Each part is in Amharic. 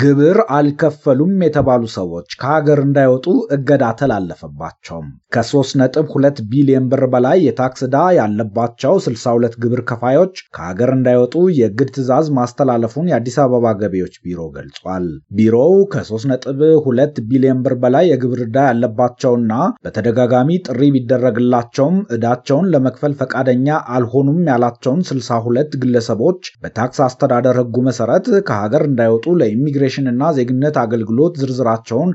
ግብር አልከፈሉም የተባሉ ሰዎች ከሀገር እንዳይወጡ እገዳ ተላለፈባቸውም። ከ3.2 ቢሊዮን ብር በላይ የታክስ ዕዳ ያለባቸው 62 ግብር ከፋዮች ከሀገር እንዳይወጡ የእግድ ትዕዛዝ ማስተላለፉን የአዲስ አበባ ገቢዎች ቢሮ ገልጿል። ቢሮው ከ3.2 ቢሊዮን ብር በላይ የግብር ዕዳ ያለባቸውና በተደጋጋሚ ጥሪ ቢደረግላቸውም ዕዳቸውን ለመክፈል ፈቃደኛ አልሆኑም ያላቸውን 62 ግለሰቦች በታክስ አስተዳደር ሕጉ መሰረት ከሀገር እንዳይወጡ ለሚግ ኢሚግሬሽን እና ዜግነት አገልግሎት ዝርዝራቸውን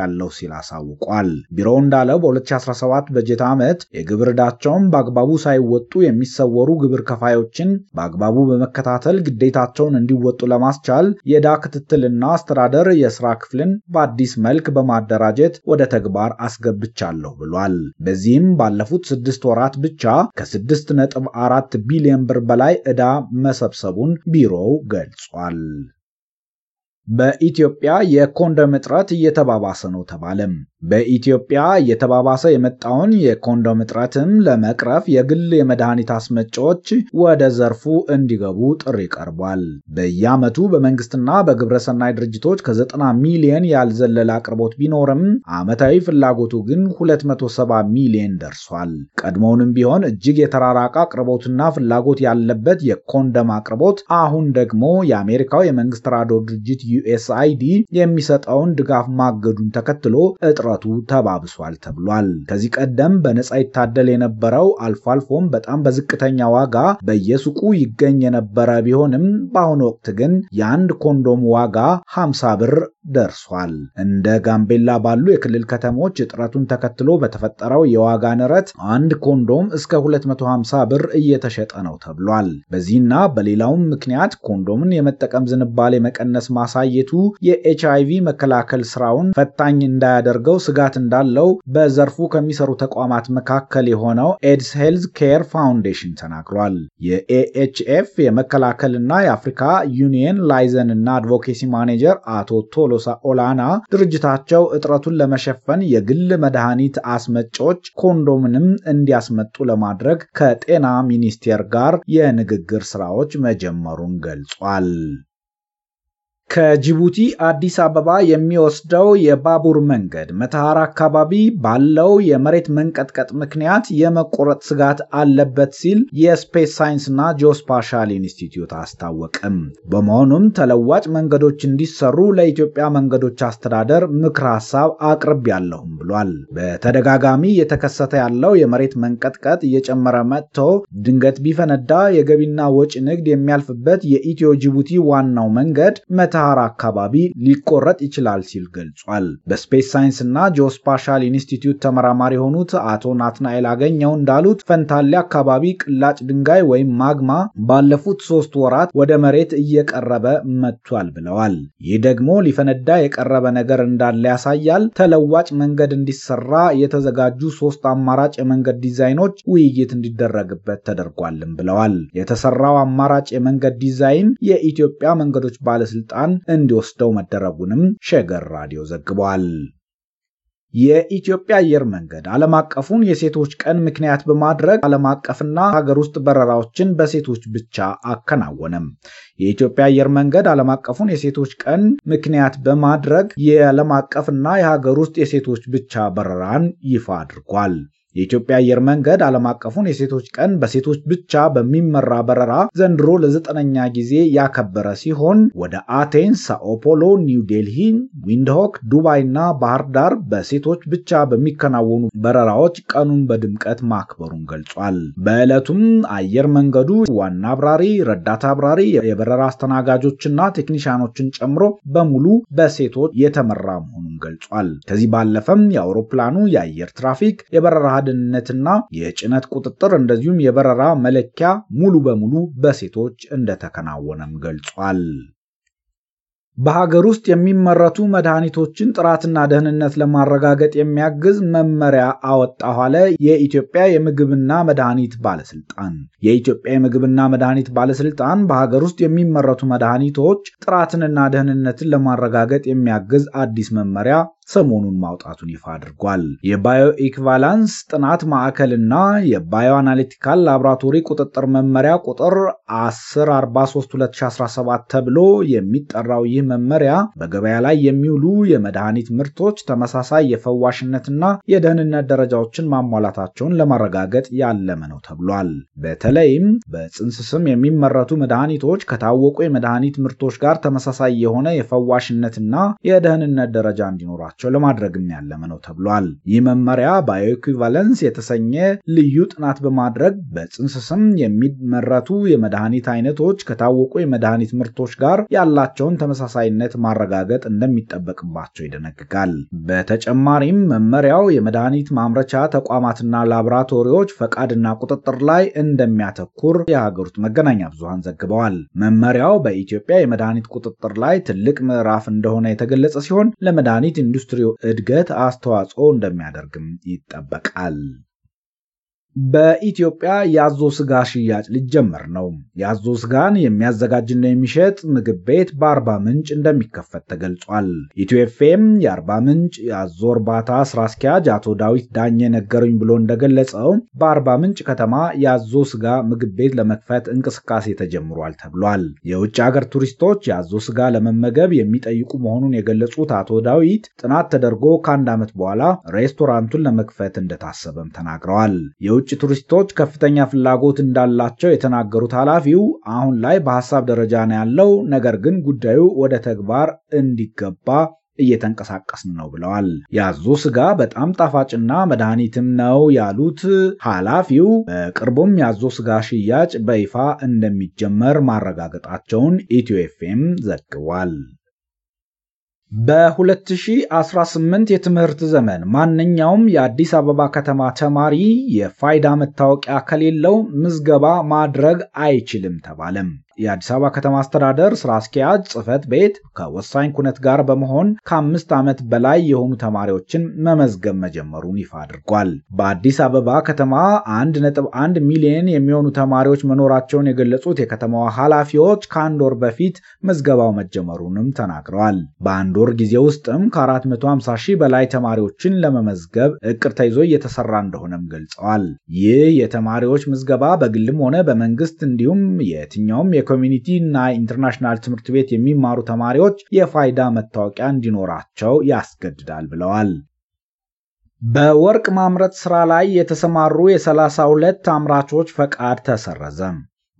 ያለው ሲል አሳውቋል። ቢሮው እንዳለው በ2017 በጀት ዓመት የግብር ዕዳቸውን በአግባቡ ሳይወጡ የሚሰወሩ ግብር ከፋዮችን በአግባቡ በመከታተል ግዴታቸውን እንዲወጡ ለማስቻል የዕዳ ክትትልና አስተዳደር የስራ ክፍልን በአዲስ መልክ በማደራጀት ወደ ተግባር አስገብቻለሁ ብሏል። በዚህም ባለፉት ስድስት ወራት ብቻ ከ6.4 ቢሊዮን ብር በላይ ዕዳ መሰብሰቡን ቢሮው ገልጿል። በኢትዮጵያ የኮንደም እጥረት እየተባባሰ ነው ተባለም። በኢትዮጵያ እየተባባሰ የመጣውን የኮንዶም እጥረትም ለመቅረፍ የግል የመድኃኒት አስመጪዎች ወደ ዘርፉ እንዲገቡ ጥሪ ቀርቧል። በየዓመቱ በመንግስትና በግብረሰናይ ድርጅቶች ከ90 ሚሊየን ያልዘለለ አቅርቦት ቢኖርም ዓመታዊ ፍላጎቱ ግን 270 ሚሊየን ደርሷል። ቀድሞውንም ቢሆን እጅግ የተራራቀ አቅርቦትና ፍላጎት ያለበት የኮንዶም አቅርቦት አሁን ደግሞ የአሜሪካው የመንግስት ራዶ ድርጅት ዩኤስአይዲ የሚሰጠውን ድጋፍ ማገዱን ተከትሎ እጥረ መምጣቱ ተባብሷል ተብሏል። ከዚህ ቀደም በነጻ ይታደል የነበረው አልፎ አልፎም በጣም በዝቅተኛ ዋጋ በየሱቁ ይገኝ የነበረ ቢሆንም በአሁኑ ወቅት ግን የአንድ ኮንዶም ዋጋ 50 ብር ደርሷል። እንደ ጋምቤላ ባሉ የክልል ከተሞች እጥረቱን ተከትሎ በተፈጠረው የዋጋ ንረት አንድ ኮንዶም እስከ 250 ብር እየተሸጠ ነው ተብሏል። በዚህና በሌላውም ምክንያት ኮንዶምን የመጠቀም ዝንባሌ መቀነስ ማሳየቱ የኤች አይቪ መከላከል ስራውን ፈታኝ እንዳያደርገው ስጋት እንዳለው በዘርፉ ከሚሰሩ ተቋማት መካከል የሆነው ኤድስ ሄልዝ ኬር ፋውንዴሽን ተናግሯል። የኤኤችኤፍ የመከላከልና የአፍሪካ ዩኒየን ላይዘን እና አድቮኬሲ ማኔጀር አቶ ቶሎ ኦላና ድርጅታቸው እጥረቱን ለመሸፈን የግል መድኃኒት አስመጪዎች ኮንዶምንም እንዲያስመጡ ለማድረግ ከጤና ሚኒስቴር ጋር የንግግር ስራዎች መጀመሩን ገልጿል። ከጅቡቲ አዲስ አበባ የሚወስደው የባቡር መንገድ መተሐር አካባቢ ባለው የመሬት መንቀጥቀጥ ምክንያት የመቆረጥ ስጋት አለበት ሲል የስፔስ ሳይንስና ጂኦስፓሻል ኢንስቲትዩት አስታወቅም። በመሆኑም ተለዋጭ መንገዶች እንዲሰሩ ለኢትዮጵያ መንገዶች አስተዳደር ምክር ሀሳብ አቅርብ ያለሁም ብሏል። በተደጋጋሚ እየተከሰተ ያለው የመሬት መንቀጥቀጥ እየጨመረ መጥቶ ድንገት ቢፈነዳ የገቢና ወጪ ንግድ የሚያልፍበት የኢትዮ ጅቡቲ ዋናው መንገድ መተ በሰሃራ አካባቢ ሊቆረጥ ይችላል ሲል ገልጿል። በስፔስ እና ጂኦስፓሻል ኢንስቲትዩት ተመራማሪ የሆኑት አቶ ናትናኤል አገኘው እንዳሉት ፈንታሌ አካባቢ ቅላጭ ድንጋይ ወይም ማግማ ባለፉት ሶስት ወራት ወደ መሬት እየቀረበ መጥቷል ብለዋል። ይህ ደግሞ ሊፈነዳ የቀረበ ነገር እንዳለ ያሳያል። ተለዋጭ መንገድ እንዲሰራ የተዘጋጁ ሶስት አማራጭ የመንገድ ዲዛይኖች ውይይት እንዲደረግበት ተደርጓልም ብለዋል። የተሰራው አማራጭ የመንገድ ዲዛይን የኢትዮጵያ መንገዶች ባለስልጣን ስልጣን እንዲወስደው መደረጉንም ሸገር ራዲዮ ዘግቧል። የኢትዮጵያ አየር መንገድ ዓለም አቀፉን የሴቶች ቀን ምክንያት በማድረግ ዓለም አቀፍና ሀገር ውስጥ በረራዎችን በሴቶች ብቻ አከናወነም። የኢትዮጵያ አየር መንገድ ዓለም አቀፉን የሴቶች ቀን ምክንያት በማድረግ የዓለም አቀፍና የሀገር ውስጥ የሴቶች ብቻ በረራን ይፋ አድርጓል። የኢትዮጵያ አየር መንገድ ዓለም አቀፉን የሴቶች ቀን በሴቶች ብቻ በሚመራ በረራ ዘንድሮ ለዘጠነኛ ጊዜ ያከበረ ሲሆን ወደ አቴንስ፣ ሳኦፖሎ፣ ኒው ዴልሂ፣ ዊንድሆክ፣ ዱባይ እና ባህር ዳር በሴቶች ብቻ በሚከናወኑ በረራዎች ቀኑን በድምቀት ማክበሩን ገልጿል። በዕለቱም አየር መንገዱ ዋና አብራሪ፣ ረዳት አብራሪ፣ የበረራ አስተናጋጆችና ቴክኒሽያኖችን ጨምሮ በሙሉ በሴቶች የተመራ መሆኑን ገልጿል። ከዚህ ባለፈም የአውሮፕላኑ የአየር ትራፊክ የበረራ ደህንነትና የጭነት ቁጥጥር እንደዚሁም የበረራ መለኪያ ሙሉ በሙሉ በሴቶች እንደተከናወነም ገልጿል። በሀገር ውስጥ የሚመረቱ መድኃኒቶችን ጥራትና ደህንነት ለማረጋገጥ የሚያግዝ መመሪያ አወጣ አለ የኢትዮጵያ የምግብና መድኃኒት ባለስልጣን። የኢትዮጵያ የምግብና መድኃኒት ባለስልጣን በሀገር ውስጥ የሚመረቱ መድኃኒቶች ጥራትንና ደህንነትን ለማረጋገጥ የሚያግዝ አዲስ መመሪያ ሰሞኑን ማውጣቱን ይፋ አድርጓል። የባዮ ኢኩቫላንስ ጥናት ማዕከልና የባዮ አናሊቲካል ላቦራቶሪ ቁጥጥር መመሪያ ቁጥር 1043/2017 ተብሎ የሚጠራው ይህ መመሪያ በገበያ ላይ የሚውሉ የመድኃኒት ምርቶች ተመሳሳይ የፈዋሽነትና የደህንነት ደረጃዎችን ማሟላታቸውን ለማረጋገጥ ያለመ ነው ተብሏል። በተለይም በጽንስ ስም የሚመረቱ መድኃኒቶች ከታወቁ የመድኃኒት ምርቶች ጋር ተመሳሳይ የሆነ የፈዋሽነትና የደህንነት ደረጃ እንዲኖራቸው እንዲኖራቸው ለማድረግም ያለመ ነው ተብሏል። ይህ መመሪያ ባዮኢኩቫለንስ የተሰኘ ልዩ ጥናት በማድረግ በጽንስ ስም የሚመረቱ የመድኃኒት አይነቶች ከታወቁ የመድኃኒት ምርቶች ጋር ያላቸውን ተመሳሳይነት ማረጋገጥ እንደሚጠበቅባቸው ይደነግጋል። በተጨማሪም መመሪያው የመድኃኒት ማምረቻ ተቋማትና ላቦራቶሪዎች ፈቃድና ቁጥጥር ላይ እንደሚያተኩር የሀገሪቱ መገናኛ ብዙሃን ዘግበዋል። መመሪያው በኢትዮጵያ የመድኃኒት ቁጥጥር ላይ ትልቅ ምዕራፍ እንደሆነ የተገለጸ ሲሆን ለመድኃኒት ኢንዱስትሪ ለኢንዱስትሪው እድገት አስተዋጽኦ እንደሚያደርግም ይጠበቃል። በኢትዮጵያ የአዞ ስጋ ሽያጭ ሊጀመር ነው። የአዞ ስጋን የሚያዘጋጅና የሚሸጥ ምግብ ቤት በአርባ ምንጭ እንደሚከፈት ተገልጿል። ኢትዮ ኤፍኤም የአርባ ምንጭ የአዞ እርባታ ስራ አስኪያጅ አቶ ዳዊት ዳኘ ነገሩኝ ብሎ እንደገለጸው በአርባ ምንጭ ከተማ የአዞ ስጋ ምግብ ቤት ለመክፈት እንቅስቃሴ ተጀምሯል ተብሏል። የውጭ ሀገር ቱሪስቶች የአዞ ስጋ ለመመገብ የሚጠይቁ መሆኑን የገለጹት አቶ ዳዊት ጥናት ተደርጎ ከአንድ ዓመት በኋላ ሬስቶራንቱን ለመክፈት እንደታሰበም ተናግረዋል። የውጭ ቱሪስቶች ከፍተኛ ፍላጎት እንዳላቸው የተናገሩት ኃላፊው አሁን ላይ በሀሳብ ደረጃ ነው ያለው፣ ነገር ግን ጉዳዩ ወደ ተግባር እንዲገባ እየተንቀሳቀስን ነው ብለዋል። ያዙ ስጋ በጣም ጣፋጭና መድኃኒትም ነው ያሉት ኃላፊው በቅርቡም ያዙ ስጋ ሽያጭ በይፋ እንደሚጀመር ማረጋገጣቸውን ኢትዮ ኤፍኤም ዘግቧል። በ2018 የትምህርት ዘመን ማንኛውም የአዲስ አበባ ከተማ ተማሪ የፋይዳ መታወቂያ ከሌለው ምዝገባ ማድረግ አይችልም ተባለም። የአዲስ አበባ ከተማ አስተዳደር ስራ አስኪያጅ ጽህፈት ቤት ከወሳኝ ኩነት ጋር በመሆን ከአምስት ዓመት በላይ የሆኑ ተማሪዎችን መመዝገብ መጀመሩን ይፋ አድርጓል። በአዲስ አበባ ከተማ 1.1 ሚሊዮን የሚሆኑ ተማሪዎች መኖራቸውን የገለጹት የከተማዋ ኃላፊዎች ከአንድ ወር በፊት ምዝገባው መጀመሩንም ተናግረዋል። በአንድ ወር ጊዜ ውስጥም ከ450 ሺህ በላይ ተማሪዎችን ለመመዝገብ እቅድ ተይዞ እየተሰራ እንደሆነም ገልጸዋል። ይህ የተማሪዎች ምዝገባ በግልም ሆነ በመንግስት እንዲሁም የትኛውም የኮሚኒቲ እና ኢንተርናሽናል ትምህርት ቤት የሚማሩ ተማሪዎች የፋይዳ መታወቂያ እንዲኖራቸው ያስገድዳል ብለዋል። በወርቅ ማምረት ስራ ላይ የተሰማሩ የ32 አምራቾች ፈቃድ ተሰረዘም።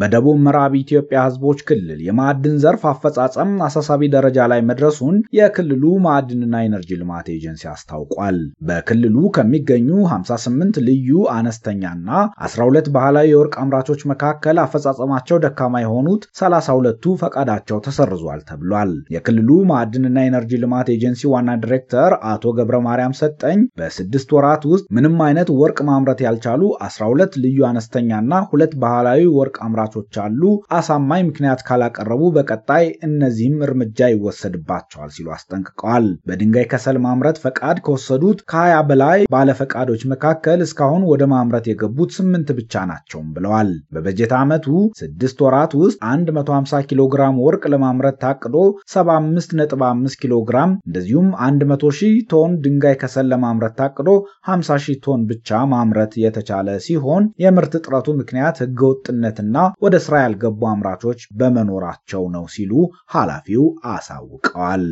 በደቡብ ምዕራብ ኢትዮጵያ ህዝቦች ክልል የማዕድን ዘርፍ አፈጻጸም አሳሳቢ ደረጃ ላይ መድረሱን የክልሉ ማዕድንና ኢነርጂ ልማት ኤጀንሲ አስታውቋል። በክልሉ ከሚገኙ 58 ልዩ አነስተኛና 12 ባህላዊ የወርቅ አምራቾች መካከል አፈጻጸማቸው ደካማ የሆኑት 32ቱ ፈቃዳቸው ተሰርዟል ተብሏል። የክልሉ ማዕድንና ኢነርጂ ልማት ኤጀንሲ ዋና ዲሬክተር አቶ ገብረ ማርያም ሰጠኝ በስድስት ወራት ውስጥ ምንም አይነት ወርቅ ማምረት ያልቻሉ 12 ልዩ አነስተኛና ሁለት ባህላዊ ወርቅ አምራቾች አሉ። አሳማኝ ምክንያት ካላቀረቡ በቀጣይ እነዚህም እርምጃ ይወሰድባቸዋል ሲሉ አስጠንቅቀዋል። በድንጋይ ከሰል ማምረት ፈቃድ ከወሰዱት ከ20 በላይ ባለፈቃዶች መካከል እስካሁን ወደ ማምረት የገቡት ስምንት ብቻ ናቸውም ብለዋል። በበጀት ዓመቱ ስድስት ወራት ውስጥ 150 ኪሎ ግራም ወርቅ ለማምረት ታቅዶ 75.5 ኪሎ ግራም እንደዚሁም 100 ሺህ ቶን ድንጋይ ከሰል ለማምረት ታቅዶ 50 ሺህ ቶን ብቻ ማምረት የተቻለ ሲሆን የምርት እጥረቱ ምክንያት ህገወጥነትና ወደ ስራ ያልገቡ አምራቾች በመኖራቸው ነው ሲሉ ኃላፊው አሳውቀዋል።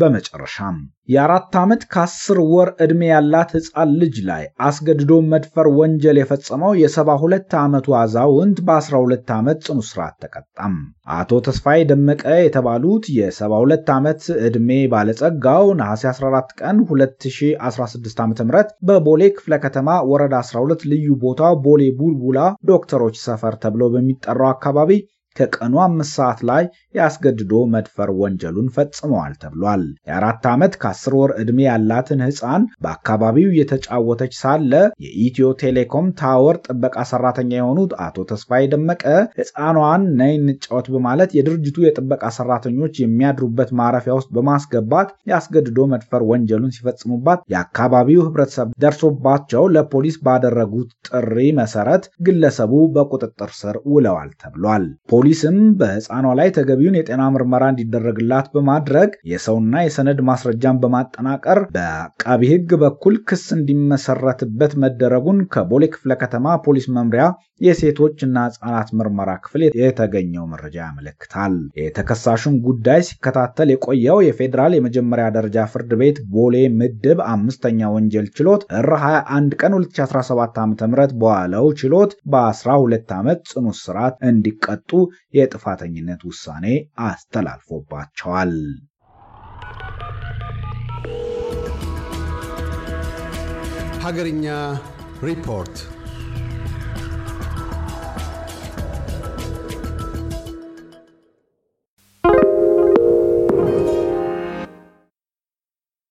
በመጨረሻም የአራት ዓመት ከአስር ወር ዕድሜ ያላት ሕፃን ልጅ ላይ አስገድዶ መድፈር ወንጀል የፈጸመው የ72 ዓመቱ አዛውንት በ12 ዓመት ጽኑ እስራት ተቀጣም። አቶ ተስፋዬ ደመቀ የተባሉት የ72 ዓመት ዕድሜ ባለጸጋው ነሐሴ 14 ቀን 2016 ዓ ም በቦሌ ክፍለ ከተማ ወረዳ 12 ልዩ ቦታው ቦሌ ቡልቡላ ዶክተሮች ሰፈር ተብሎ በሚጠራው አካባቢ ከቀኑ አምስት ሰዓት ላይ የአስገድዶ መድፈር ወንጀሉን ፈጽመዋል ተብሏል። የአራት ዓመት ከአስር ወር ዕድሜ ያላትን ሕፃን በአካባቢው እየተጫወተች ሳለ የኢትዮ ቴሌኮም ታወር ጥበቃ ሰራተኛ የሆኑት አቶ ተስፋዬ ደመቀ ሕፃኗን ነይ እንጫወት በማለት የድርጅቱ የጥበቃ ሰራተኞች የሚያድሩበት ማረፊያ ውስጥ በማስገባት የአስገድዶ መድፈር ወንጀሉን ሲፈጽሙባት የአካባቢው ህብረተሰብ ደርሶባቸው ለፖሊስ ባደረጉት ጥሪ መሰረት ግለሰቡ በቁጥጥር ስር ውለዋል ተብሏል። ፖሊስም በህፃኗ ላይ ተገቢውን የጤና ምርመራ እንዲደረግላት በማድረግ የሰውና የሰነድ ማስረጃን በማጠናቀር በአቃቢ ህግ በኩል ክስ እንዲመሰረትበት መደረጉን ከቦሌ ክፍለ ከተማ ፖሊስ መምሪያ የሴቶችና ህጻናት ምርመራ ክፍል የተገኘው መረጃ ያመለክታል። የተከሳሹን ጉዳይ ሲከታተል የቆየው የፌዴራል የመጀመሪያ ደረጃ ፍርድ ቤት ቦሌ ምድብ አምስተኛ ወንጀል ችሎት ጥር 21 ቀን 2017 ዓ.ም በዋለው ችሎት በ12 ዓመት ጽኑ እስራት እንዲቀጡ የጥፋተኝነት ውሳኔ አስተላልፎባቸዋል። ሀገርኛ ሪፖርት